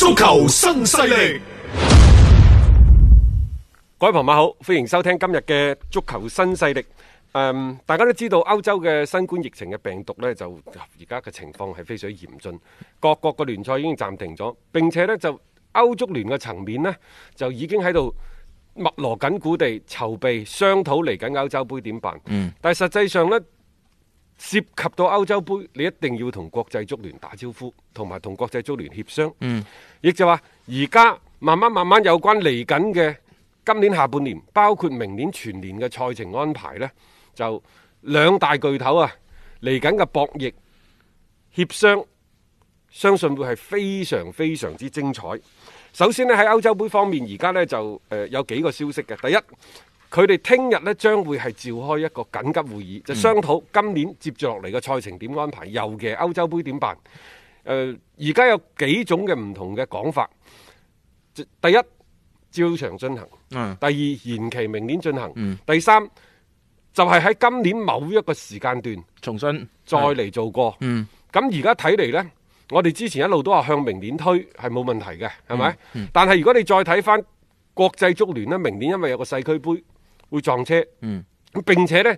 足球新勢力，各位朋友好，歡迎收聽今日嘅足球新勢力。誒，大家都知道歐洲嘅新冠疫情嘅病毒呢，就而家嘅情況係非常之嚴峻，各國嘅聯賽已經暫停咗，並且呢就歐足聯嘅層面呢就已經喺度密鑼緊鼓地籌備商討嚟緊歐洲杯點辦。嗯，但係實際上呢。涉及到歐洲杯，你一定要同國際足聯打招呼，同埋同國際足聯協商。嗯，亦就話而家慢慢慢慢有關嚟緊嘅今年下半年，包括明年全年嘅賽程安排呢，就兩大巨頭啊嚟緊嘅博弈協商，相信會係非常非常之精彩。首先呢，喺歐洲杯方面，而家呢就，呃，有幾個消息嘅，第一。佢哋聽日呢將會係召開一個緊急會議，就商討今年接住落嚟嘅賽程點安排，尤其、嗯、歐洲杯點辦？誒、呃，而家有幾種嘅唔同嘅講法。第一，照常進行；第二，延期明年進行；嗯、第三，就係、是、喺今年某一個時間段重新再嚟做過。咁而家睇嚟呢，我哋之前一路都話向明年推係冇問題嘅，係咪？嗯嗯、但係如果你再睇翻國際足聯呢，明年因為有個世俱杯。會撞車，嗯，並且呢。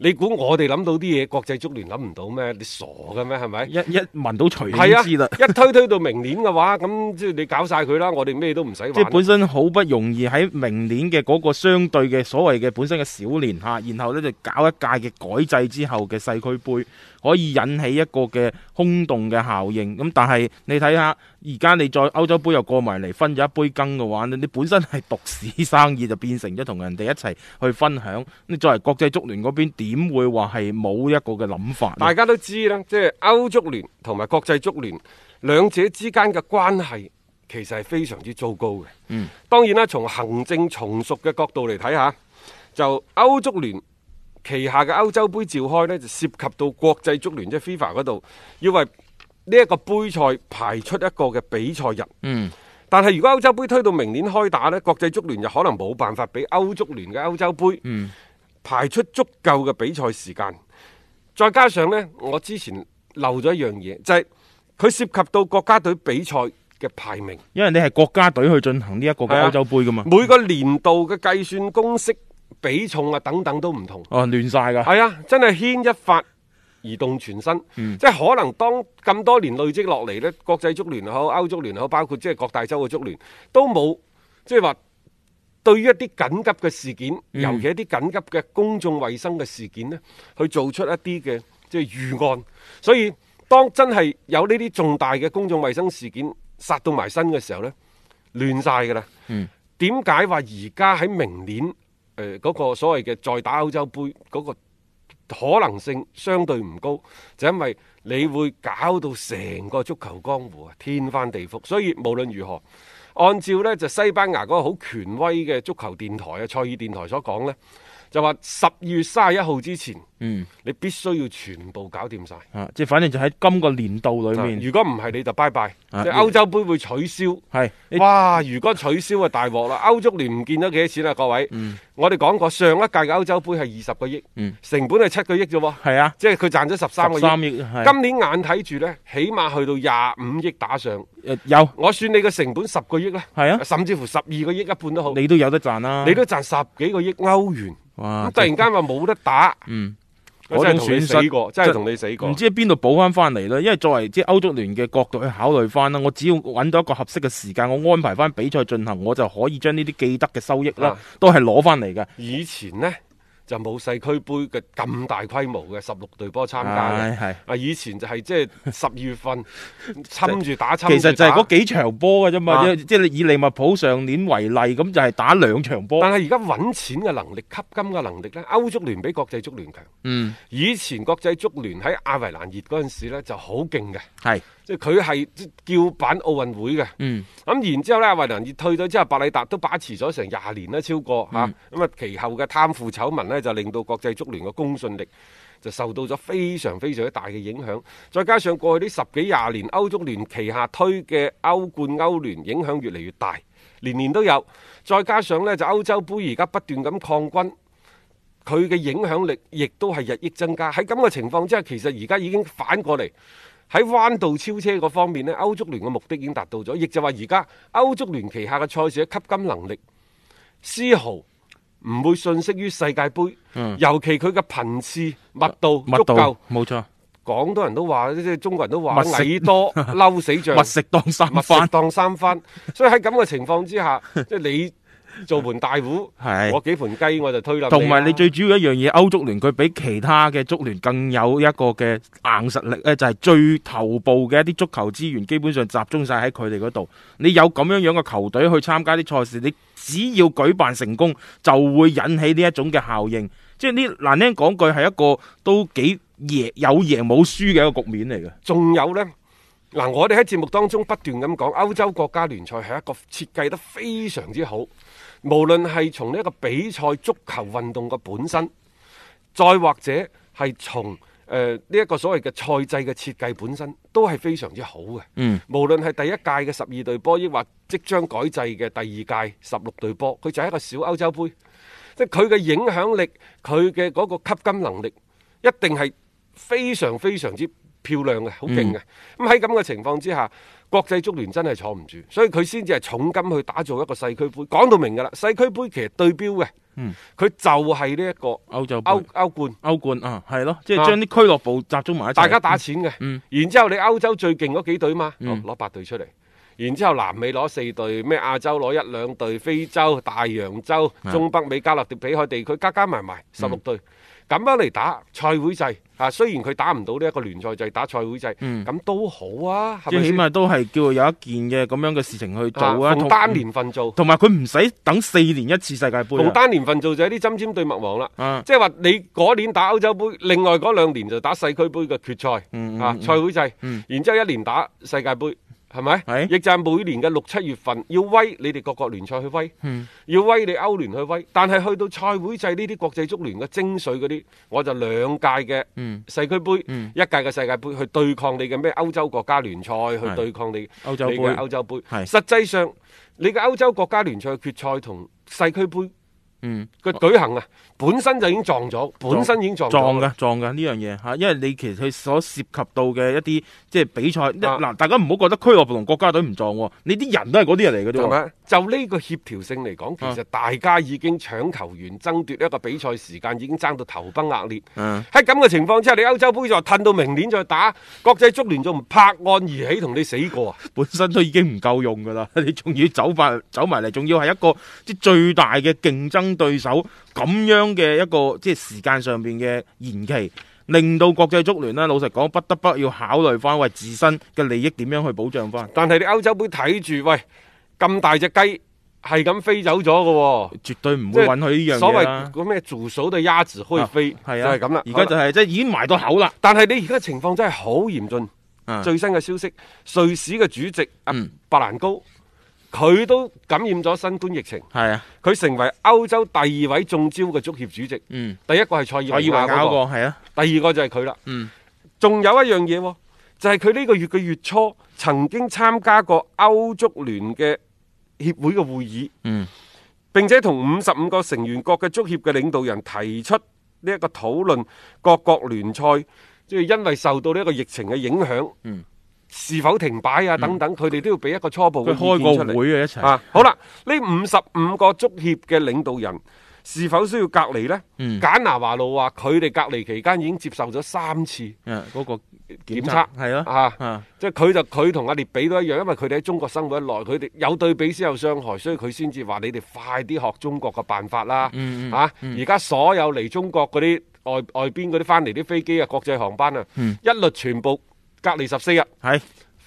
你估我哋諗到啲嘢，國際足聯諗唔到咩？你傻嘅咩？係咪？一一聞到除咗知啦、啊，一推推到明年嘅話，咁即係你搞晒佢啦，我哋咩都唔使玩。即係本身好不容易喺明年嘅嗰個相對嘅所謂嘅本身嘅小年吓，然後咧就搞一屆嘅改制之後嘅世俱杯，可以引起一個嘅轟動嘅效應，咁但係你睇下，而家你再歐洲杯又過埋嚟分咗一杯羹嘅話，你本身係獨市生意就變成咗同人哋一齊去分享。你作為國際足聯嗰點會話係冇一個嘅諗法？大家都知啦，即係歐足聯同埋國際足聯兩者之間嘅關係，其實係非常之糟糕嘅。嗯，當然啦，從行政從屬嘅角度嚟睇下，就歐足聯旗下嘅歐洲盃召開呢，就涉及到國際足聯，即係 FIFA 嗰度要為呢一個盃賽排出一個嘅比賽日。嗯，但係如果歐洲盃推到明年開打呢，國際足聯就可能冇辦法俾歐足聯嘅歐洲盃。嗯。排出足夠嘅比賽時間，再加上呢，我之前漏咗一樣嘢，就係、是、佢涉及到國家隊比賽嘅排名，因為你係國家隊去進行呢一個歐洲盃噶嘛、啊，每個年度嘅計算公式、比重啊等等都唔同，啊亂晒噶，係啊，真係牽一髮而動全身，嗯、即係可能當咁多年累積落嚟咧，國際足聯好歐足聯好包括即係各大洲嘅足聯都冇即係話。就是對於一啲緊急嘅事件，尤其一啲緊急嘅公眾衞生嘅事件呢、嗯、去做出一啲嘅即係預案。所以當真係有呢啲重大嘅公眾衞生事件殺到埋身嘅時候呢，亂晒㗎啦。點解話而家喺明年誒嗰個所謂嘅再打歐洲杯嗰個可能性相對唔高？就因為你會搞到成個足球江湖啊，天翻地覆。所以無論如何。按照咧就西班牙嗰個好權威嘅足球電台啊，賽爾電台所講咧，就話十二月三十一號之前，嗯，你必須要全部搞掂晒，啊，即係反正就喺今個年度裏面，如果唔係你就拜拜，即歐洲杯會取消，係，哇，如果取消啊大鑊啦，歐足聯唔見得幾多錢啦，各位，我哋講過上一屆嘅歐洲杯係二十個億，嗯，成本係七個億啫，喎，係啊，即係佢賺咗十三個億，今年眼睇住呢，起碼去到廿五億打上，有，我算你嘅成本十個億啦係啊，甚至乎十二個億一半都好，你都有得賺啦，你都賺十幾個億歐元。哇！突然間話冇得打，我、嗯、真係同你死過，真係同你死過。唔知喺邊度補翻翻嚟咧？因為作為即係歐足聯嘅角度去考慮翻啦，我只要揾到一個合適嘅時間，我安排翻比賽進行，我就可以將呢啲記得嘅收益啦，啊、都係攞翻嚟嘅。以前呢。就冇世俱杯嘅咁大規模嘅十六隊波參加嘅，係啊！以前就係即係十二月份侵住打，侵住打侵住打。其實就係嗰幾場波嘅啫嘛，即係以利物浦上年為例，咁就係打兩場波。但係而家揾錢嘅能力、吸金嘅能力咧，歐足聯比國際足聯強。嗯，以前國際足聯喺亞維蘭熱嗰陣時咧，就好勁嘅。係。即係佢係叫板奧運會嘅，咁、嗯、然之後呢，韋達爾退咗之後，巴里達都把持咗成廿年啦。超過咁啊，嗯、其後嘅貪腐醜聞呢，就令到國際足聯嘅公信力就受到咗非常非常大嘅影響。再加上過去啲十幾廿年歐足聯旗下推嘅歐冠、歐聯影響越嚟越大，年年都有。再加上呢，就歐洲杯而家不斷咁擴軍，佢嘅影響力亦都係日益增加。喺咁嘅情況之下，其實而家已經反過嚟。喺彎道超車嗰方面咧，歐足聯嘅目的已經達到咗，亦就話而家歐足聯旗下嘅賽事嘅吸金能力絲毫唔會遜色於世界盃，嗯、尤其佢嘅頻次密度，密度足夠，冇錯。廣東人都話，即、就、係、是、中國人都話，色多死多嬲死著，密食 當三番，密食三番，所以喺咁嘅情況之下，即係 你。做盤大虎，是我幾盤雞我就推落。同埋你最主要一樣嘢，歐足聯佢比其他嘅足聯更有一個嘅硬實力咧，就係、是、最頭部嘅一啲足球資源，基本上集中晒喺佢哋嗰度。你有咁樣樣嘅球隊去參加啲賽事，你只要舉辦成功，就會引起呢一種嘅效應。即係呢，難聽講句係一個都幾贏有贏冇輸嘅一個局面嚟嘅。仲有呢，嗱我哋喺節目當中不斷咁講，歐洲國家聯賽係一個設計得非常之好。無論係從呢個比賽足球運動嘅本身，再或者係從誒呢一個所謂嘅賽制嘅設計本身，都係非常之好嘅。嗯、無論係第一屆嘅十二隊波，亦或即將改制嘅第二屆十六隊波，佢就係一個小歐洲杯。即係佢嘅影響力，佢嘅嗰個吸金能力，一定係非常非常之漂亮嘅，好勁嘅。咁喺咁嘅情況之下，國際足聯真係坐唔住，所以佢先至係重金去打造一個世俱杯。講到明㗎啦，世俱杯其實對標嘅，佢、嗯、就係呢一個歐洲歐歐冠歐冠，歐冠啊，係咯，啊、即係將啲俱樂部集中埋一齊，大家打錢嘅。嗯、然之後你歐洲最勁嗰幾隊嘛，攞八、嗯哦、隊出嚟，然之後南美攞四隊，咩亞洲攞一兩隊，非洲、大洋洲、的中北美加勒迪比海地區加加埋埋十六隊。嗯咁樣嚟打賽會制啊，雖然佢打唔到呢一個聯賽制，打賽會制，咁、嗯、都好啊，即起碼都係叫有一件嘅咁樣嘅事情去做啊，啊。同單年份做，嗯、同埋佢唔使等四年一次世界盃、啊。同單年份做就係啲針尖對麥芒啦，即係話你嗰年打歐洲杯，另外嗰兩年就打世俱杯嘅決賽、嗯嗯、啊，賽會制，嗯、然之後一年打世界盃。係咪？亦就係每年嘅六七月份要威你哋各國聯賽去威，要威你歐聯去、嗯、去威。但係去到賽會制呢啲國際足聯嘅精髓嗰啲，我就兩屆嘅世俱盃，嗯、一屆嘅世界盃去對抗你嘅咩歐洲國家聯賽去對抗你歐洲盃。歐洲盃，實際上你嘅歐洲國家聯賽嘅決賽同世俱盃。嗯，佢舉行啊，本身就已經撞咗，撞本身已經撞撞嘅，撞嘅呢樣嘢吓，因為你其實佢所涉及到嘅一啲即係比賽，嗱、啊，大家唔好覺得俱樂部同國家隊唔撞，你啲人都係嗰啲人嚟嘅啫。就呢個協調性嚟講，其實大家已經搶球員、爭奪一個比賽時間，已經爭到頭崩額裂。嗯，喺咁嘅情況之下，你歐洲杯就話褪到明年再打，國際足聯仲唔拍案而起同你死過啊！本身都已經唔夠用噶啦，你仲要走翻走埋嚟，仲要係一個即最大嘅競爭對手咁樣嘅一個即係時間上面嘅延期，令到國際足聯呢，老實講不得不要考慮翻為自身嘅利益點樣去保障翻。但係你歐洲杯睇住喂。咁大隻雞係咁飛走咗嘅，絕對唔會允許呢樣嘢啦。所謂咩助手嘅鴨子可以飛，係啊，係咁啦。而家就係即係已經埋到口啦。但係你而家情況真係好嚴峻。最新嘅消息，瑞士嘅主席嗯，白蘭高，佢都感染咗新冠疫情。係啊，佢成為歐洲第二位中招嘅足協主席。嗯，第一個係蔡爾華嗰個，係啊，第二個就係佢啦。嗯，仲有一樣嘢，就係佢呢個月嘅月初曾經參加過歐足聯嘅協會嘅會議，並且同五十五個成員國嘅足協嘅領導人提出呢一個討論，各國聯賽即係因為受到呢一個疫情嘅影響，是否停擺啊等等，佢哋都要俾一個初步嘅意見出嚟。開個會啊，一齊啊，好啦，呢五十五個足協嘅領導人，是否需要隔離呢？簡拿華路話佢哋隔離期間已經接受咗三次嗰個檢測，係咯，啊，即係佢就佢同阿列比都一樣，因為佢哋喺中國生活得耐，佢哋有對比先有傷害，所以佢先至話你哋快啲學中國嘅辦法啦，嚇！而家所有嚟中國嗰啲外外邊嗰啲翻嚟啲飛機啊，國際航班啊，一律全部隔離十四日。係。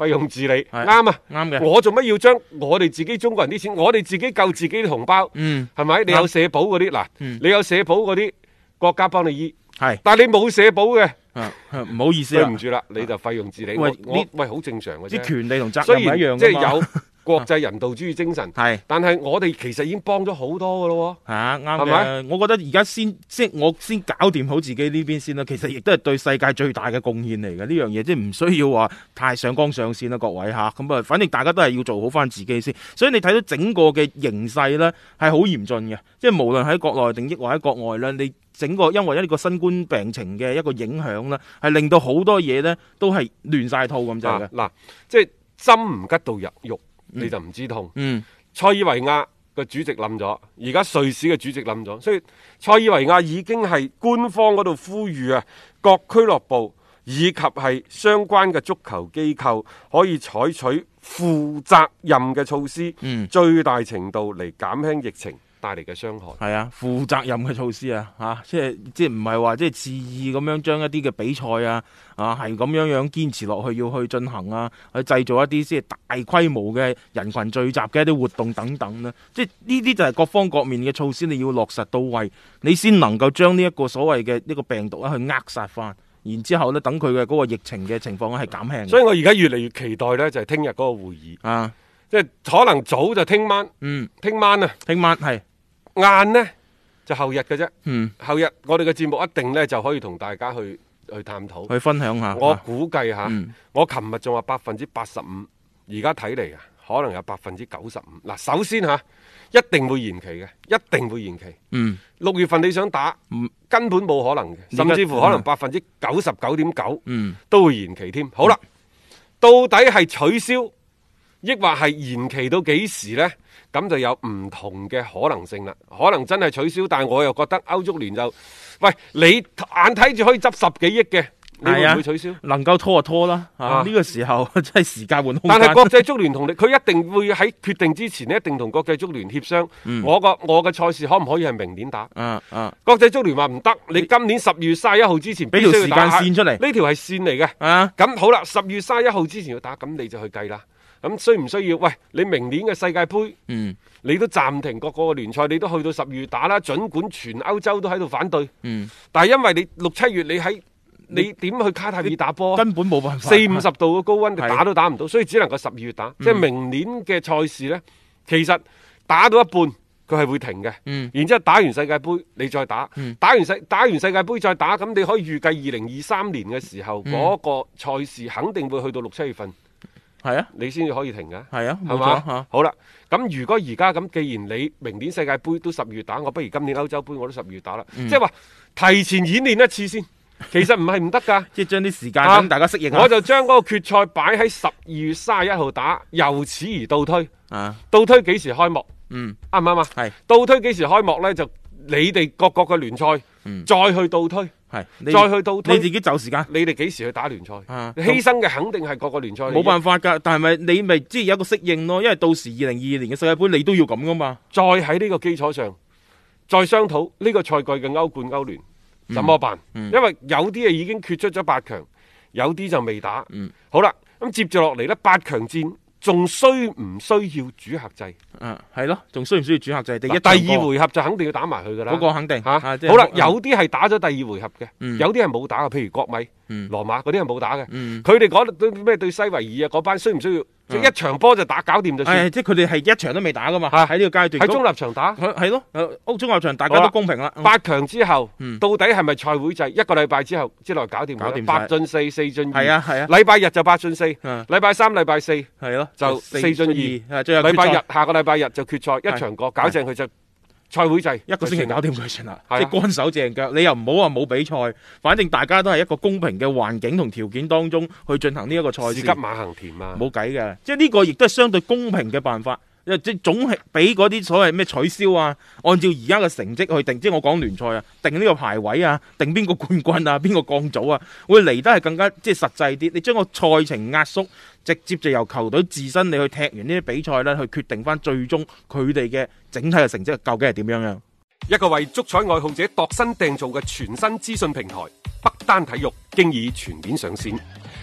費用自理，啱啊，啱嘅。我做乜要將我哋自己中國人啲錢，我哋自己救自己啲同胞，係咪？你有社保嗰啲，嗱，你有社保嗰啲，國家幫你醫，係。但係你冇社保嘅，唔好意思，對唔住啦，你就費用自理。我，喂，好正常嘅啫。啲權利同責任一樣噶嘛。國際人道主義精神、啊、是但係我哋其實已經幫咗好多㗎咯。吓啱、啊、吧我覺得而家先即我先搞掂好自己呢邊先啦。其實亦都係對世界最大嘅貢獻嚟嘅呢樣嘢，即唔需要話太上綱上線啦，各位吓。咁啊。反正大家都係要做好翻自己先。所以你睇到整個嘅形勢呢，係好嚴峻嘅，即係無論喺國內定抑或喺國外呢，你整個因為一個新冠病情嘅一個影響呢，係令到好多嘢呢都係亂晒套咁就嘅。嗱、啊啊，即針唔吉到入肉。嗯、你就唔知痛。嗯，塞爾維亞嘅主席冧咗，而家瑞士嘅主席冧咗，所以塞爾維亞已經係官方嗰度呼籲啊，各俱樂部以及係相關嘅足球機構可以採取負責任嘅措施，嗯，最大程度嚟減輕疫情，帶嚟嘅傷害係啊，負責任嘅措施啊，嚇、啊、即係即係唔係話即係肆意咁樣將一啲嘅比賽啊，啊係咁樣樣堅持落去，要去進行啊，去製造一啲即係大規模嘅人群聚集嘅一啲活動等等啦、啊。即係呢啲就係各方各面嘅措施，你要落實到位，你先能夠將呢一個所謂嘅呢個病毒咧去扼殺返。然之後咧，等佢嘅嗰個疫情嘅情況咧係減輕、啊。所以我而家越嚟越期待咧，就係聽日嗰個會議啊，即係可能早就聽晚，嗯，聽晚啊，聽晚係。晏呢，就後日嘅啫，嗯、後日我哋嘅節目一定呢，就可以同大家去去探討，去分享下。我估計吓，嗯、我琴日仲話百分之八十五，而家睇嚟啊，可能有百分之九十五。嗱，首先吓，一定會延期嘅，一定會延期。嗯，六月份你想打，根本冇可能嘅，嗯，甚至乎可能百分之九十九點九，嗯，都會延期添。好啦，嗯、到底係取消？抑或係延期到幾時呢？咁就有唔同嘅可能性啦。可能真係取消，但我又覺得歐足聯就喂，你眼睇住可以執十幾億嘅，你會唔會取消？啊、能夠拖就拖啦。呢、啊啊、個時候真係時間換空間，但係國際足聯同你，佢一定會喺決定之前，一定同國際足聯協商。嗯、我個我嘅賽事可唔可以係明年打？嗯嗯、啊。啊、國際足聯話唔得，你今年十月三十一號之前必須俾條時間線出嚟。呢條係線嚟嘅。啊。咁好啦，十月三十一號之前要打，咁你就去計啦。咁需唔需要？喂，你明年嘅世界杯，嗯、你都暫停各個聯賽，你都去到十二月打啦。儘管全歐洲都喺度反對，嗯、但係因為你六七月你喺你點去卡塔爾打波？根本冇辦法，四五十度嘅高溫，你是打都打唔到，所以只能夠十二月打。嗯、即係明年嘅賽事呢，其實打到一半佢係會停嘅。嗯、然之後打完世界盃，你再打，嗯、打完世打完世界盃再打，咁你可以預計二零二三年嘅時候嗰、嗯、個賽事肯定會去到六七月份。係啊，你先至可以停嘅。係啊，係嘛？好啦，咁如果而家咁，既然你明年世界盃都十二月打，我不如今年歐洲盃我都十二月打啦。即係話提前演練一次先，其實唔係唔得噶，即係將啲時間咁大家適應。我就將嗰個決賽擺喺十二月三十一號打，由此而倒推。啊，倒推幾時開幕？嗯，啱唔啱啊？係，倒推幾時開幕呢？就你哋各個嘅聯賽，再去倒推。係，你再去到你自己就時間。你哋幾時去打聯賽？犧、啊、牲嘅肯定係各個聯賽。冇辦法噶，但係咪你咪即係有一個適應咯？因為到時二零二二年嘅世界杯你都要咁噶嘛。再喺呢個基礎上，再商討呢個賽季嘅歐冠歐聯、歐聯怎麼辦？嗯嗯、因為有啲嘢已經決出咗八強，有啲就未打。嗯、好啦，咁接住落嚟呢八強戰。仲需唔需要主客制？嗯、啊，係咯，仲需唔需要主客制？第，第二回合就肯定要打埋佢噶啦。嗰個肯定吓，好啦，有啲係打咗第二回合嘅，有啲係冇打嘅，譬如國米、羅馬嗰啲係冇打嘅，佢哋講咩？對西維爾啊，嗰班需唔需要？即一場波就打搞掂就算，係即佢哋係一場都未打噶嘛，喺呢個階段喺中立場打，係咯，喺中立場打，大家都公平啦。八強之後，到底係咪賽會制？一個禮拜之後之內搞掂搞掂，八進四，四進二，係啊，係啊。禮拜日就八進四，禮拜三、禮拜四，係咯，就四進二，最後禮拜日下個禮拜日就決賽，一場過搞正佢就。賽會制一個星期搞掂佢算啦，即係乾手淨腳，是啊、你又唔好話冇比賽，反正大家都係一個公平嘅環境同條件當中去進行呢一個賽事。事急馬行田啊，冇計嘅，即係呢個亦都係相對公平嘅辦法。即係總係俾嗰啲所謂咩取消啊，按照而家嘅成績去定，即係我講聯賽啊，定呢個排位啊，定邊個冠軍啊，邊個降組啊，會嚟得係更加即係實際啲。你將個賽程壓縮，直接就由球隊自身你去踢完呢啲比賽啦，去決定翻最終佢哋嘅整體嘅成績究竟係點樣嘅。一個為足彩愛好者度身訂造嘅全新資訊平台北單體育，經已全面上線。